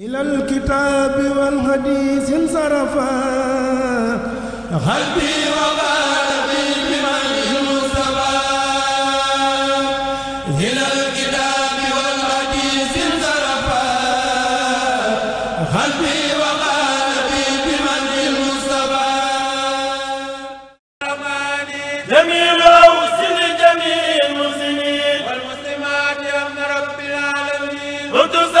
ilal kitaabi wal hadiis insarafa qalbi wa qalbi bi manil Mustafaa ilal kitaabi wal hadiis insarafa qalbi wa qalbi bi manil Mustafaa jamiil awsil jamiil muslimiin wal muslimaat ya rabbil aalamiin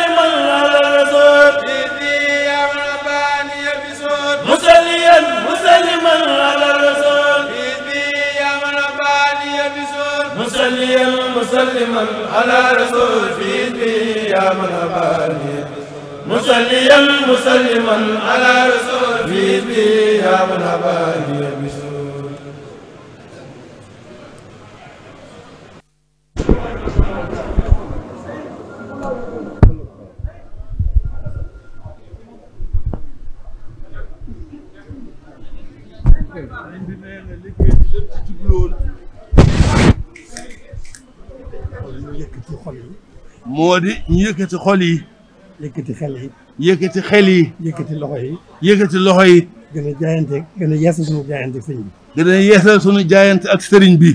صليا مسلما على رسول في يا من أباني مسليا مسلما على رسول في يا من أباني Thank you. yëkkati moo di ñu yëkkati xol yi. yëkkati xel yi. yëkkati xel yi. yëkkati loxo yi. yëkkati loxo yi. gën a jaayante gën a yeesal sunu jaayante ak sëriñ bi. gën a yeesal sunu jaayante ak sëriñ bi.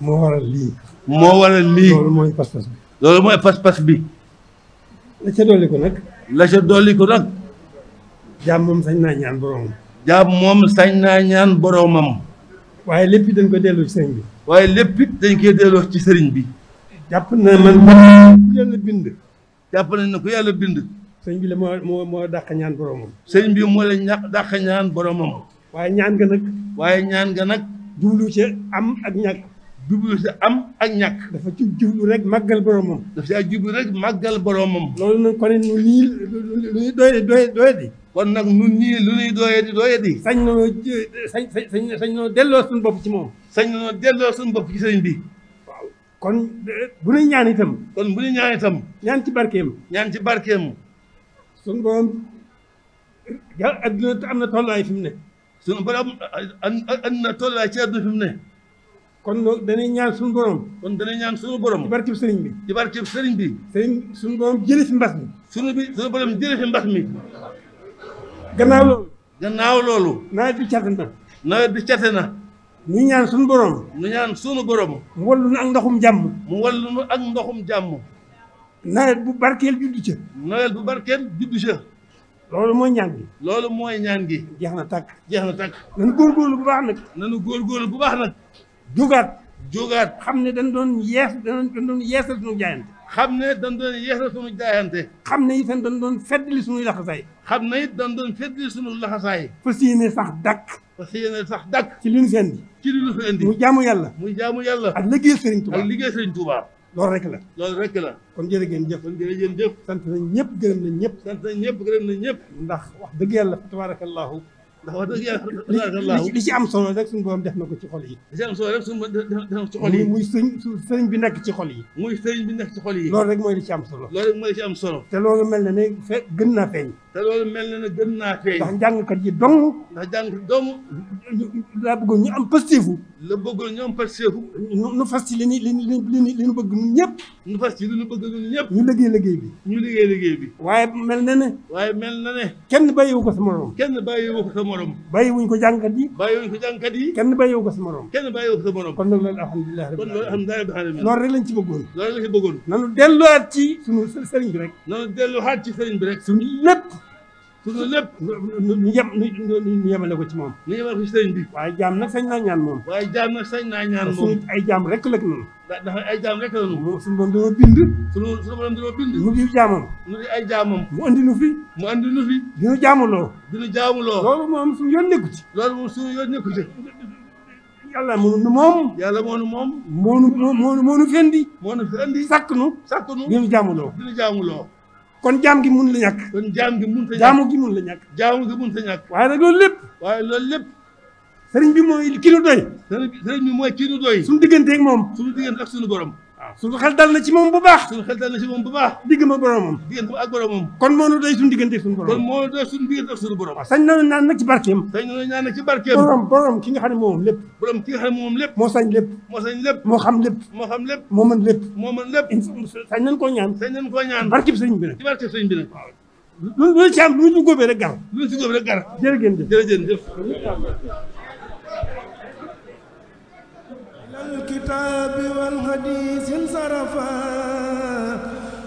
moo war lii. moo waral lii. loolu mooy pas-pas bi. loolu bi. la ca dolli ko nag. la ca dolli ko nag. jaam moom sañ naa ñaan boromam. jaam moom sañ naa ñaan boromam. waaye lépp dañ ko delloo ci sëriñ bi. waaye lépp it dañ koy delloo ci sëriñ bi. jàpp na man ku yàlla bind. jàpp nañ ne ku yàlla bind. sëñ bi la moo moo dàq ñaan boromam. sëriñ bi moo la ñàkk dàq ñaan boromam. waaye ñaan nga nag. waaye ñaan nga nag. jublu ci am ak ñàkk. jublu ci am ak ñàkk. dafa ci jublu rek màggal boromam. dafa ci jublu rek màggal boromam. loolu nag kon it ñu nii doy doy doy di. kon nag nun nii lu ñuy dooyee di dooyee di sañ noo sañ sañ sañ noo delloo suñu bopp ci moom sañ noo delloo suñu bopp ci sëriñ bi waaw kon bu ñuy ñaan itam kon bu ñuy tam itam ñaan ci barkeem ñaan ci barkeem suñu borom ja adduna am na tolluwaay fi mu ne suñu borom adduna tolluwaay ci adduna fi mu ne kon loolu dañuy ñaan suñu borom. kon dañuy ñaan suñu borom. ci barkeb sëriñ bi. ci barkeb sëriñ bi. sëriñ suñu borom jëlee fi mbas mi. suñu bi suñu borom jëlee mi. gannaaw loolu. gannaaw loolu. nawet bi cate na. nawet bi cate na. ñu ñaan suñu borom. ñu ñaan suñu borom. mu wallu nu ak ndoxum jàmm. mu wallu nu ak ndoxum jàmm. nawet bu barkeel bi ca. nawet bu barkeel juddu ca. loolu mooy ñaan gi. loolu mooy ñaan gi. jeex na tàkk. jeex na tàkk. nanu góorgóorlu bu baax nag. góor góorgóorlu bu baax nag. jogaat jógaat xam ne dañ doon yees dañ doon yeesal suñu jaayante. xam ne dañ doon yeesal suñu jaayante xam ne itam dañ doon feddali suñuy laxasaay xam ne it dañ doon feddali suñu laxasaay fas yéene sax dàkk fas yéene sax dàkk ci li ñu fi indi ci li ñu fi indi muy jaamu yàlla muy jaamu yàlla ak liggéey Sëriñ Tuubaa ak liggéey Sëriñ Tuubaa loolu rek la loolu rek la kon jërë ngeen jëf kon jërë ngeen jëf sant nañ ñëpp gërëm nañ ñëpp sant nañ ñëpp gërëm nañ ñëpp ndax wax dëgg yàlla fa tabaarakallaahu ndax wax dëgg yàlla li ci am solo rek suñu borom def na ko ci xol yi li ci am solo rek suñu borom def na ko ci xol yi muy sëñ sëriñ bi nekk ci xol yi muy sëriñ bi nekk ci xol yi loolu rek mooy li ci am solo loolu rek mooy li ci am solo te loolu mel na ne fe gën naa feeñ te loolu mel na ne gën naa feeñ ndax jàngkat yi dong ndax jàngkat yi dong laa bëggoon ñu am positif la bëggoon ñoom Pastef nu fas ci li ñu li ñu li ñu bëgg ñun ñëpp nu fas ci li ñu bëgg ñun yi bàyyiwuñ ko jàngkat yi kenn bàyyiwu ci bëggoon loolu lañ ci nanu delluwaat ci bi ci sëriñ bi rek suñu loolu lépp ñu yem ñu ko ci moom ñu yemale ko ci bi waaye jaam na sañ naa ñaan moom waaye jaam nag sañ naa ñaan moom ay rek la noonu dafa ay jaam rek la noonu suñu borom dañoo bind suñu suñu borom dañoo bind mu di jaamam mu di ay jaamam mu andi nu fi mu andi nu fi diñu jaamuloo moom suñu yoon nekku ci loolu moom suñu yoon nekku ci yàlla moom yàlla moonu moom moonu fendi moonu fendi sàkk nu sàkk jaamuloo kon jaam gi mun la ñàkk. kon jaam gi mun la ñàkk jaamu gi mun la ñàkk. jaamu gi mun la ñàkk. waaye nag loolu lépp. waaye loolu lépp. sëriñ bi mooy kii nu doy. sëriñ bi mooy kii nu doy. suñu digganteeg moom. suñu diggante ak suñu borom. suñu xel dal na ci moom bu baax suñu xel dal na ci moom bu baax digg ma boromam diggante ak boromam kon moo nu doy suñu diggante suñu borom kon moo doy suñu diggante suñu borom waaw sañ na naan nag ci barkeem sañ na naan nag ci barkeem borom borom ki nga xam ne moo moom lépp borom ki nga xam ne moom lépp moo sañ lépp moo sañ lépp moo xam lépp moo xam lépp moo mën lépp moo mën lépp sañ nañ koo ñaan sañ nañ koo ñaan barkeb sëriñ bi nag ci barkeb sëriñ bi nag lu lu ci am lu ñu góobee rek gar lu ñu ci góobee rek gar jërëjëf jërëjëf الكتاب والحديث انصرفا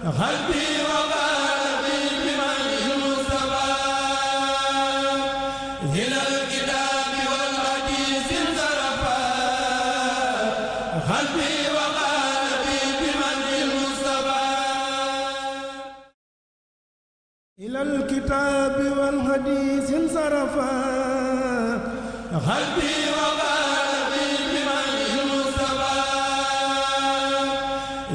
قلبي وبال بمن المصطفى إلى الكتاب والحديث انصرفا قلبي وبال بمن المصطفى إلى الكتاب والحديث انصرفا قلبي وبال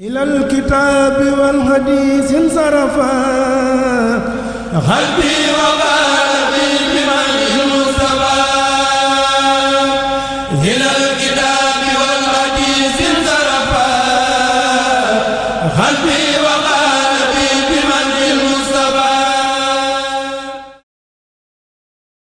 إلى الكتاب والحديث انصرفا قلبي وقلبي بمنه المصطفى إلى الكتاب والحديث انصرفا قلبي